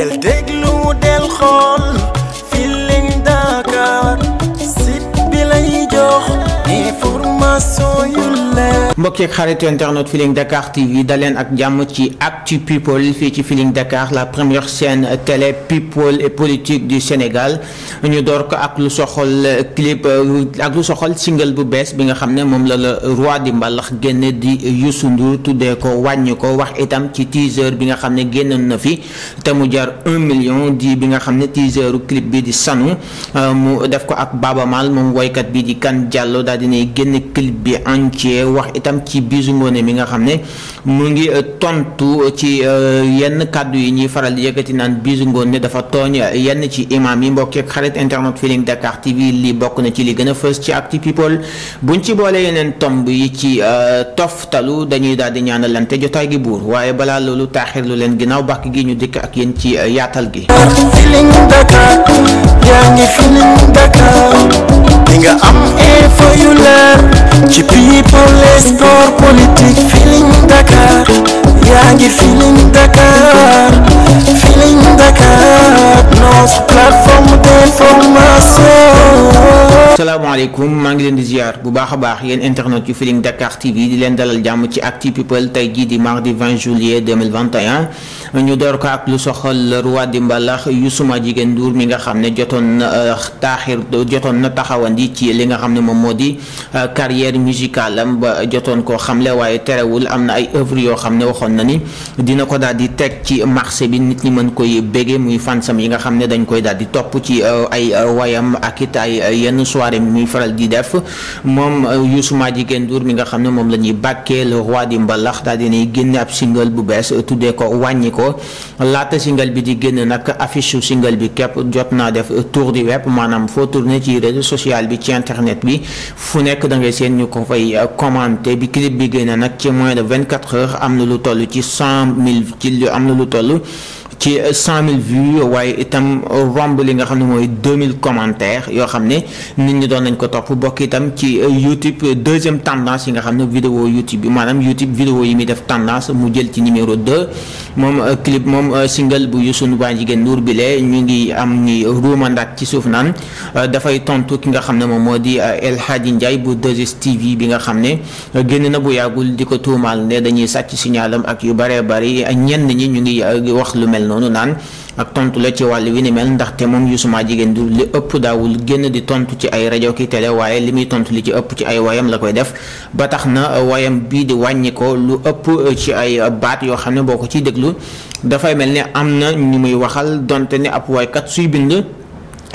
del déglu del xool mbokk yeeg xaritu internet Feeling Dakar TV daleen ak jàmm ci actu people fii ci Feeling Dakar la première chaîne télé people et politique du Sénégal ñu door ko ak lu soxol clip ak soxal single bu bees bi nga xam ne moom la la roi di mbalax génn di yu Ndour tuddee ko wàññi ko wax itam ci teaser bi nga xam ne génnoon na fi te mu jar un million di bi nga xam ne teaseru clip bi di sanu mu def ko ak Baba moom woykat bi di kan Diallo daal di yi génn clip bi entier wax itam ci Bijou Ngoné mi nga xam ne mu ngi euh, tontu ci euh, yenn kàddu yi ñuy faral di yëkkati naan Bijou ne dafa tooñ euh, yenn ci imam yi mbokk ak xarit internet Feeling Dakar TV li bokk na ci li gën a fës ci Actu People buñ ci boole yeneen tomb yi ci toftalu dañuy daal di ñaanalante jotaay gi buur waaye balaa loolu taaxir lu leen ginnaaw bàkk gi ñu dikk ak yéen ci yaatal gi. yaa ngi Feeling Dakar. di nga am info yu leer ci people et sport Dakar yaa ngi Dakar asalaamaaleykum maa ngi leen di ziar bu baax a baax yéen internet yu Feeling Dakar TV di leen dalal jàmm ci Actu People tey jii di mardi 20 juillet 2021 ñu door ko ak lu soxal roi di mbalax Youssouma Jigéen Ndour mi nga xam ne jotoon na euh, taaxir jotoon na taxawandi ci li nga xam ne moom moo di euh, carrière musicale am ba jotoon koo xamle waaye terewul am na ay œuvre yoo xam ne waxoon na ni dina ko daal di teg ci marché bi nit ñi mën koy bége muy fansam yi nga xam ne dañ koy daal di topp ci euh, ñuy faral di def moom euh, Youssou Madjiguène Ndour mi nga xam ne moom la ñuy bàkkee le roi di mbalax daal dinay génne ab single bu bees euh, tuddee ko wàññi ko laata single bi di génn nag affiche su single bi képp jot naa def euh, tour du web maanaam foo tourné ci réseau social bi ci internet bi fu nekk da ngay seen ñu ko fay commenté bi clip bi génn nag ci moins de vingt quatre heures am na lu toll ci cent mille ci am na lu toll ci cent mille waaye itam romb li nga xam ne mooy deux mille commentaires yoo xam ne nit ñi doon nañ ko topp bokk itam ci YouTube deuxième tendance yi nga xam ne vidéo YouTube bi maanaam YouTube vidéo yi muy def tendance mu jël ci numéro deux moom euh, clip moom euh, single bu Youssou Ndour Jigéen Ndour bi lee ñu ngi am ñi ruumandaat ci suuf naan euh, dafay tontu ki nga xam ne moom moo di El Hadji Ndiaye bu 2STV bi nga xam ne génn na bu yàggul di ko tuumaal ne dañuy sàcc signalam ak yu bëree bëri ñenn ñi ñu ngi wax lu mel noonu naan ak tontu la ci wàll wi ni mel ndaxte moom Youssouma Jigéen du li ëpp daawul génn di tontu ci ay rajo ki waaye li muy tontu li ci ëpp ci ay wayam la koy def ba tax na wayam bii di wàññi lu ëpp ci ay baat yoo xam ne boo ko ciy déglu dafay mel ni am na ñu muy waxal donte ne ab waykat suy bind.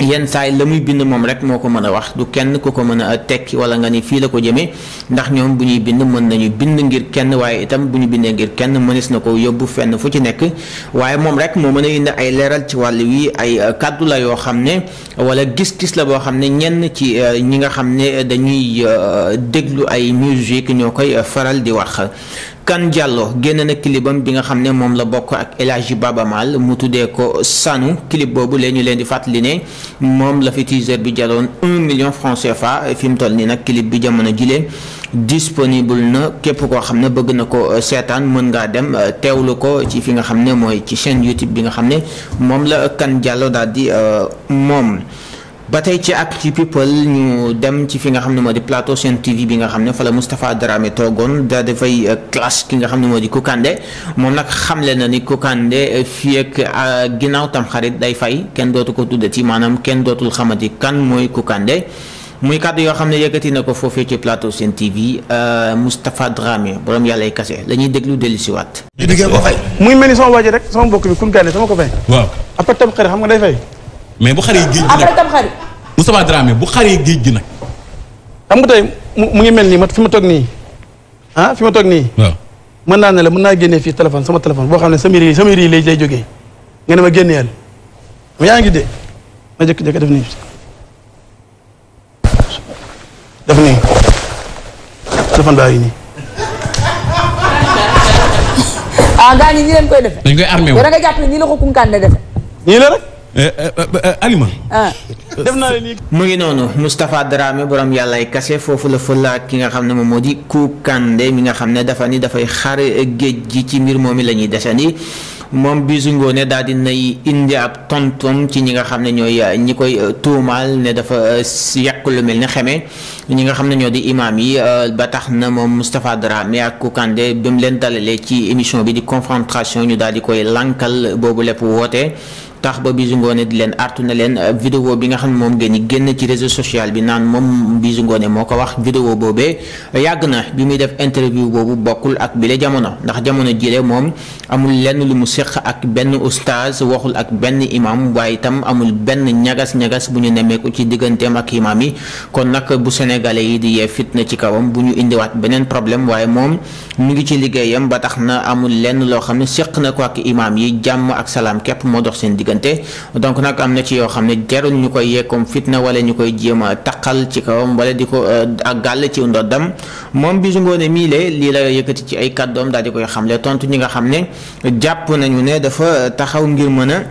yenn saa saay la muy bind moom rek moo ko mën a wax du kenn ku ko mën a tekki wala nga ni fii la ko jëmee ndax ñoom bu ñuy bind mën nañu bind ngir kenn waaye itam bu ñu bindee ngir kenn mënees na ko yóbbu fenn fu ci nekk waaye moom rek moo mën a indi ay leeral ci wàll wi ay euh, kàddu la yoo xam ne wala gis-gis la boo xam ne ñenn ci euh, ñi nga xam ne dañuy euh, déglu ay musique ñoo koy faral di wax Kan Diallo génn na kilibam bi nga xam ne moom la bokk ak El babamaal mu tuddee ko Sanu kilib boobu lee ñu leen di fàttali ne moom la fi teaser bi jaloon un million franc CFA fi mu toll nii nag kilib bi jamono jilee disponible na képp koo xam ne bëgg na ko seetaan mën ngaa dem euh, teewlu ko ci fi nga xam ne mooy ci chaîne YouTube bi nga xam ne moom la Kan Diallo daal di euh, moom. ba tey ci actu people ñu dem ci fi nga xam ne moo di plateau Sen bi nga xam ne fa la Moustapha Dramé toogoon da dafay euh, clash ki nga xam ne moo di Kounkandé moom nag xamle na ni Kounkandé euh, fi ak euh, ginnaaw tam xarit day fay kenn dootu ko tuddati maanaam kenn dootul xamati kan mooy Kounkandé muy kàddu yoo xam ne yëkkati na ko foofee ci plateau Sen TV Moustapha Dramé borom yàlla ay kase la ñuy déglu dellusiwaat. di ngeen ko fay. muy mel ni sama waajur rek sama mbokk bi Kounkandé sama ko fay. waaw après tam xarit xam Moustapha Dramé bu xaree géej gi nag. xam nga tey mu ngi mel nii ma fi ma toog nii ah fi ma toog nii. waaw mën naa ne la mën naa génnee fii téléphone sama téléphone boo xam ne samiri samiri yi lay lay jógee nga ne ma génneel ma yaa ngi de ma jëkk-jëkk def nii. def nii téléphone baa ngi nii. ah gaa ñi ñi leen koy defee. dañ koy armé wu nga jàpp nii la ko kunkaan ne defee. la rek. Eh, eh, eh, Alima. Ah. def naa leen mu ngi noonu Moustapha Dramé borom ay kase foofu la fëla ak ki nga xam ne moom moo di Koukandé mi nga xam ne dafa ni dafay xar géej gi ci mbir moom mi la ñuy desandi moom Bijou Ngoné daal di nay indi ab tontom ci ñi nga xam ne ñooy uh, ñi koy uh, tuumaal ne dafa uh, yàq lu mel ni xeme ñi nga xam ne ñoo di imaam yi ba tax na moom Moustapha Dramé ak Koukandé ba mu leen dalalee ci émission bi di confrontation ñu daal di koy lankal boobu lépp woote. tax ba Bijou Ngoné di na leen euh, vidéo bi nga moo ko wax vidéo na bi muy def interview boobu bokkul ak bile jamono ndax jamono jile moom amul lenn lu mu séq ak benn oustaz waxul ak benn imam waaye itam amul benn ñagas-ñagas bu ñu nemmeeku ci digganteem ak imam yi kon nag bu sénégalais yi di yee fitna ci kawam bu ñu indiwaat beneen problème waaye moom mu ngi ci liggéeyam ba tax na amul lenn loo xam ne séq na ko ak imam yi jàmm ak salaam képp moo dox seen diggante jëflante donc nag am na ci yoo xam ne jarul ñu koy yekkoom fitna wala ñu koy jéem a ci kawam wala di ko euh, ak gàll ci ndoddam moom Bijou Ngoné miile lii la yëkkati ci ay kàddoom daal di koy xamle tontu ñi nga xam ne jàpp nañu ne dafa euh, taxaw ngir mën a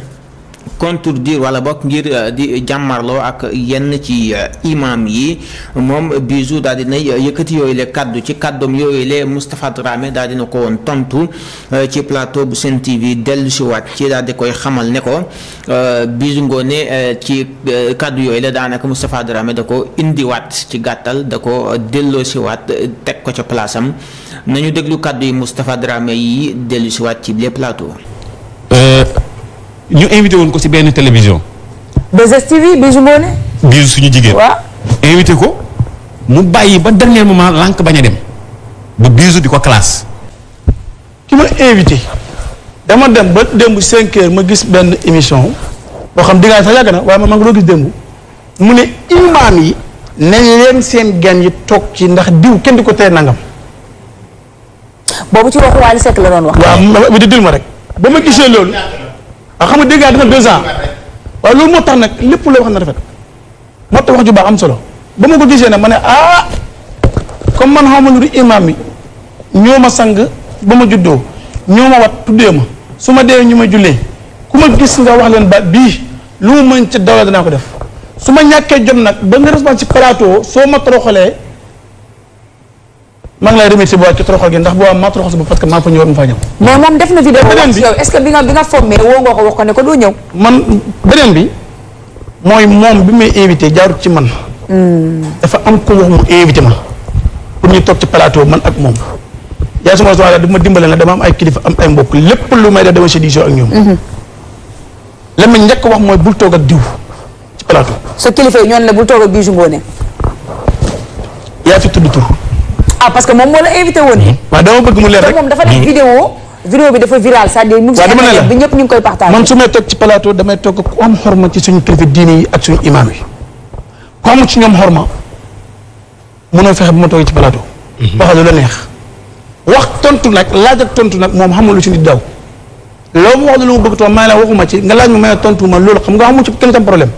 contre contredire wala bokk ngir euh, di jàmmarloo ak yenn ci euh, imam yi moom Bijou daal di na euh, yëkkati yooyu le kàddu ci kàddoom yooyu le Moustapha Dramé daal dina ko woon tontu ci plateau bu Sen TV dellu si ci daal di koy xamal ne ko Bijou ngoone ci kaddu yooyu la daanaka Moustapha Dramé da ko indiwaat ci gàttal da ko delloo si teg ko ca place am nañu déglu kaddu yi Moustapha Dramé yi dellu si ci les plateau ñu invité woon ko ci benn télévision. 2STV Bijou Ngoné. Bijou suñu jigéen. waaw invité ko mu bàyyi ba dernier moment lànk bañ a dem bu Bijou di ko classe. ki ma invité dama dem ba démb cinq heures ma gis benn émission boo xam diggaay sax yàgg na waaye man maa ngi loo gis démb mu ne imaam yi. nañ leen seen gan yi toog ci ndax diw kenn di ko tee nangam. boobu ci waxu Wally Seck la doon wax. waaw ma ma ma rek ba ma gisee loolu. waaw xam nga dégg na deux ans waaye loolu moo tax nag lépp lay wax na rafet moo tax wax ju am solo ba ma ko gisee nag ma ne ah comme man xaw ma lu du imaam yi ñoo ma sang ba ma juddoo ñoo ma wat tuddee ma su ma dee ñu ma jullee ku ma gis nga wax leen ba bii lu mu mën ci dawla danaa ko def su ma ñàkkee jot nag ba nga responsable ci plateau soo ma toroxalee maa ngi lay remercier bu baax ci toroxal gi ndax bu am maa toroxal parce que maa fa ñëwoon ma faa ñëw. mais moom def na vidéo wax yow est-ce que bi nga bi nga formé woo nga ko wax ko ne ko doo ñëw. man beneen bi mooy moom bi may invité jaarut ci man. Hmm. dafa am ko wax mu invité ma pour ñu toog ci plateau man ak moom. yaa suma soxla di ma dimbale na dama am ay kilifa am ay mbokk lépp lu may def dama si diisoo ak ñoom. Hmm. la ma njëkk wax mooy bul toog ak diw ci plateau. sa kilifa yi ñoon la bul toog ak Bijou Ngoné. yaa fi tudd tur. ah parce que moom moo la invité woon. Hmm. waaw dama bëgg mu leer rek moom dafa def hmm. vidéo vidéo bi dafa viral c'est-à-dire si bi ñëpp ñu koy partagé. man su may toog ci plateau damay toog ku am xorma ci suñu kilifa diini yi ak suñu imaam yi ku amul ci ñoom xorma mënoo fexe bu ma toogee ci plateau. Hmm. waxal lu la neex. wax tontu nag laaj ak tontu nag moom xamul lu ci nit daw. wax lu mu bëgg toog maa la nga laaj ma may tontu ma loolu xam nga amu ci kenn tam problème.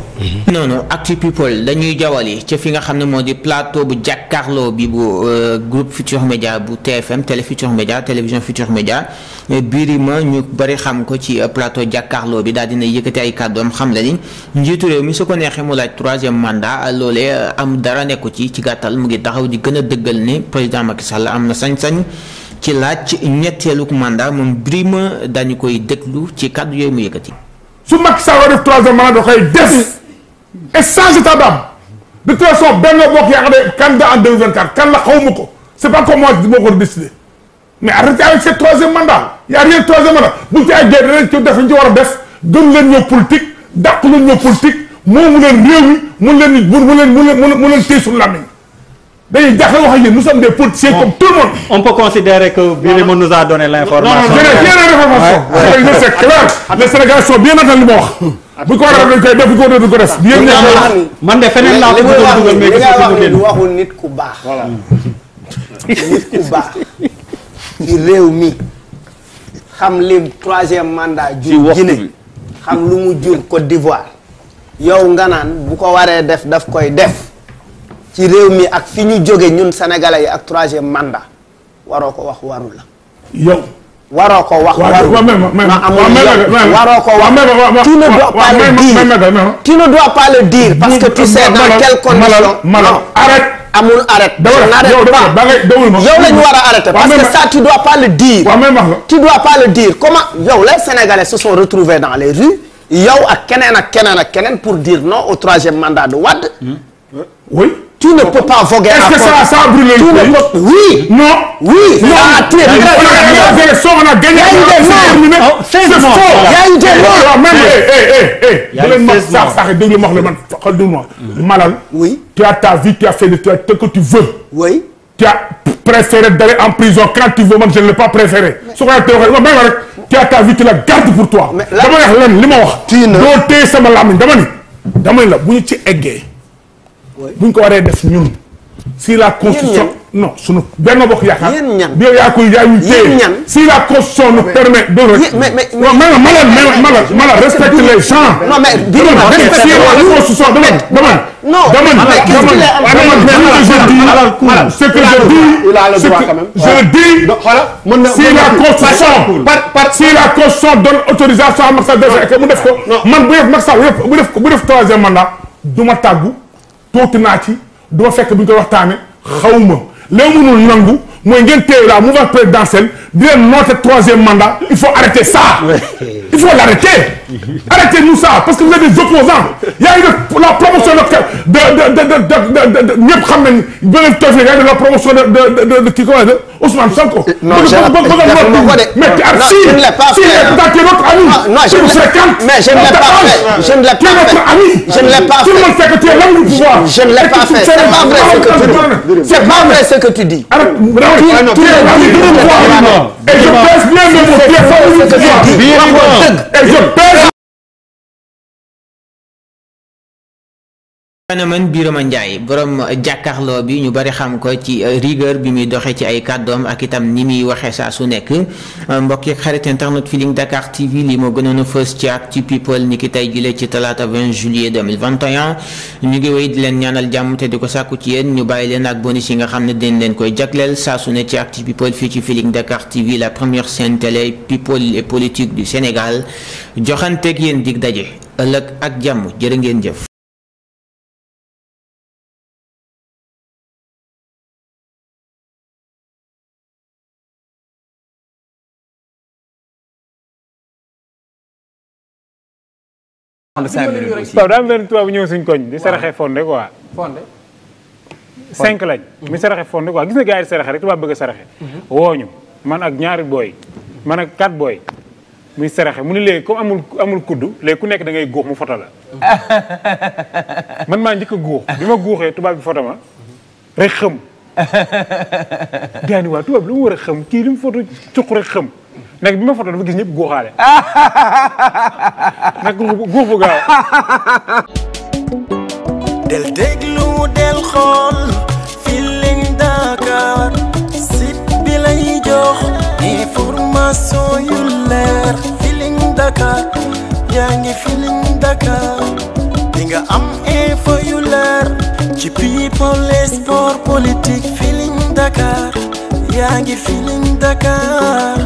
non non Actu People dañuy jawali ca fi nga xam ne moo di plateau bu jàkkaarloo bi bu euh, groupe Futur Média bu TFM télé Futur Média télévision Futur Média Birima ñu bari xam ko ci euh, plateau jàkkaarloo bi daal dina yëkkati ay kàddoom xam la ni njiitu réew mi su ko neexee mu laaj troisième mandat euh, loolee am dara nekku ci ci gàttal mu ngi taxaw di gën a dëggal ne président Macky Sall am na sañ-sañ ci laaj ñetteelu mandat moom Birima dañu koy déglu ci kàddu yooyu mu et sans état d'âme de toute façon Benno Bokk Yaakaar candidat en 2024 kan la xaw ko c'est pas comme moi moo ko décidé mais arrêtez avec ce troisième mandat y rien troisième mandat bu ci ay géej ci def ñu ci war a def gën leen ñoo politique dàq leen mu mu leen mu leen mu leen téye suñu làmmiñ dañuy jaaxle wax ak yéen nous sommes des comme tout le monde. on peut considérer que Birima nous a donné l'information. non non non les Sénégalais bien attelés bu ko war a def dañ koy def bu ko def ko def. yéen ñëpp man de feneen laa ko wax ni waxu nit ku baax. voilà nit ku baax ci réew mi xam li troisième mandat. jur Guinée xam lu mu jur Côte d'Ivoire. yow nga naan bu ko waree def daf koy def ci réew mi ak fi ñu jóge ñun sénégalais yi ak troisième mandat waroo ko wax waru la yow. waroo ko wax. warul ma amul waroo ko wax. tu ne dois pas le dire. pas que tu sais dans quelles conditions. non amul arrête. dawul ba yow la ñu war a arrêter parce que ça tu dois pas le dire. tu dois pas le dire comment. yow les Sénégalais se sont dans les rues. yow ak keneen ak keneen ak keneen pour dire non au troisième mandat de Wade. oui. tu ne peux pas voguer. est-ce que ça ça brûle le pays. tu ne peux oui. non oui. non avez raison, on a gagné. Oh, C'est faux. Il y a eu des morts. déglu ma wax la man xool déglu ma mm. Malal. oui tu as ta vie tu as fait tu as ce que tu veux. oui tu as préféré d'aller en prison quand tu veux man je ne l'ai pas préféré. su ko defee waxee may ma rek tu as ta vie tu la gardes pour toi. dama wax leen li ma wax. tii na doo téye sama làmmiñ dama ni. dama ni la bu ñu ci eggee. bu ñu ko waree def ñun. si la constitution non sunu benn bokk yaakaar. yéen ñan yow yaa koy yaa ñu téye si la constitution nous permet de. mais mais non mais malal malal malal respecte les gens. non mais Birima respecte la constitution dama dama. non mais qu'est-ce qu'il a am ce que je dis il a le droit quand même je dis si la constitution par par si la constitution donne autorisation à Macky Sall def mu def ko man bu def Macky Sall bu def bu def troisième mandat du ma tàggu tuuti naa ci du ma fekk bu ñu koy waxtaane xaw ma li mu mënul nangu mooy ngeen téye la mouvance présidentielle di leen noote troisième mandat il faut arrêter ça. il faut l'arrêter. Arrêtez-nous ça parce que vous êtes des opposants. Il y a eu la promotion de de de de de de ñëpp xam nañu beneen tool yi nga la promotion de de de de kii quoi de Ousmane Sonko. non je ne mais si si notre ami. non je mais je ne l'ai pas fait je ne l'ai pas fait je ne l'ai pas fait tout le monde sait que tu es l'homme du pouvoir. je ne l'ai pas fait c'est pas vrai ce que tu dis c'est pas vrai ce que tu dis. tu es l'homme du pouvoir et je pèse bien mes mots. dëgg phénomène a Ndiaye borom jàkkaarloo bi ñu bari xam ko ci euh, rigueur bi muy doxee ci ay kàddoom ak itam ni muy waxee saa su nekk euh, mbokk yi xarit internet Feeling Dakar TV li moo gënoon a fës ci ak people ni ki tey jile ci talaata 20 juillet 2021 ñu ngi wéy di leen ñaanal jàmm te di ko sàkku ci yéen ñu bàyyi leen ak bonus yi nga xam ne dañ leen koy jagleel saa su ne ci ak people fii ci Feeling Dakar TV la première chaîne télé people et politique du Sénégal joxanteeg yéen daje ëllëg ak jàmm jërë ngeen jëf. Pape daa benn tubaab bu ñëw suñ koñ di saraxe fonde quoi fonde cinq lañ mi saraxe fonde quoi gis na gars di saraxe rek tubaab bëgg a saraxe mhm. wooñu man ak ñaari booy man ak quatre booy muy saraxe mu ne léegi comme amul kudd léegi ku nekk dangay ngay mu foto la man maa njëkk a bi ma góoxee tubaab bi foto ma rek xëm gars waa tubaab lu mu war xëm kii li mu foto cuq rek xëm nag bi ma foto dafa gis ñëpp góoxaale nag góox gaaw del déglu del xool Feeling Dakar site bi lay jox information yu leer Feeling Dakar yaa ngi Feeling Dakar di nga am info yu leer ci people et sport politique Feeling Dakar yaa ngi Feeling Dakar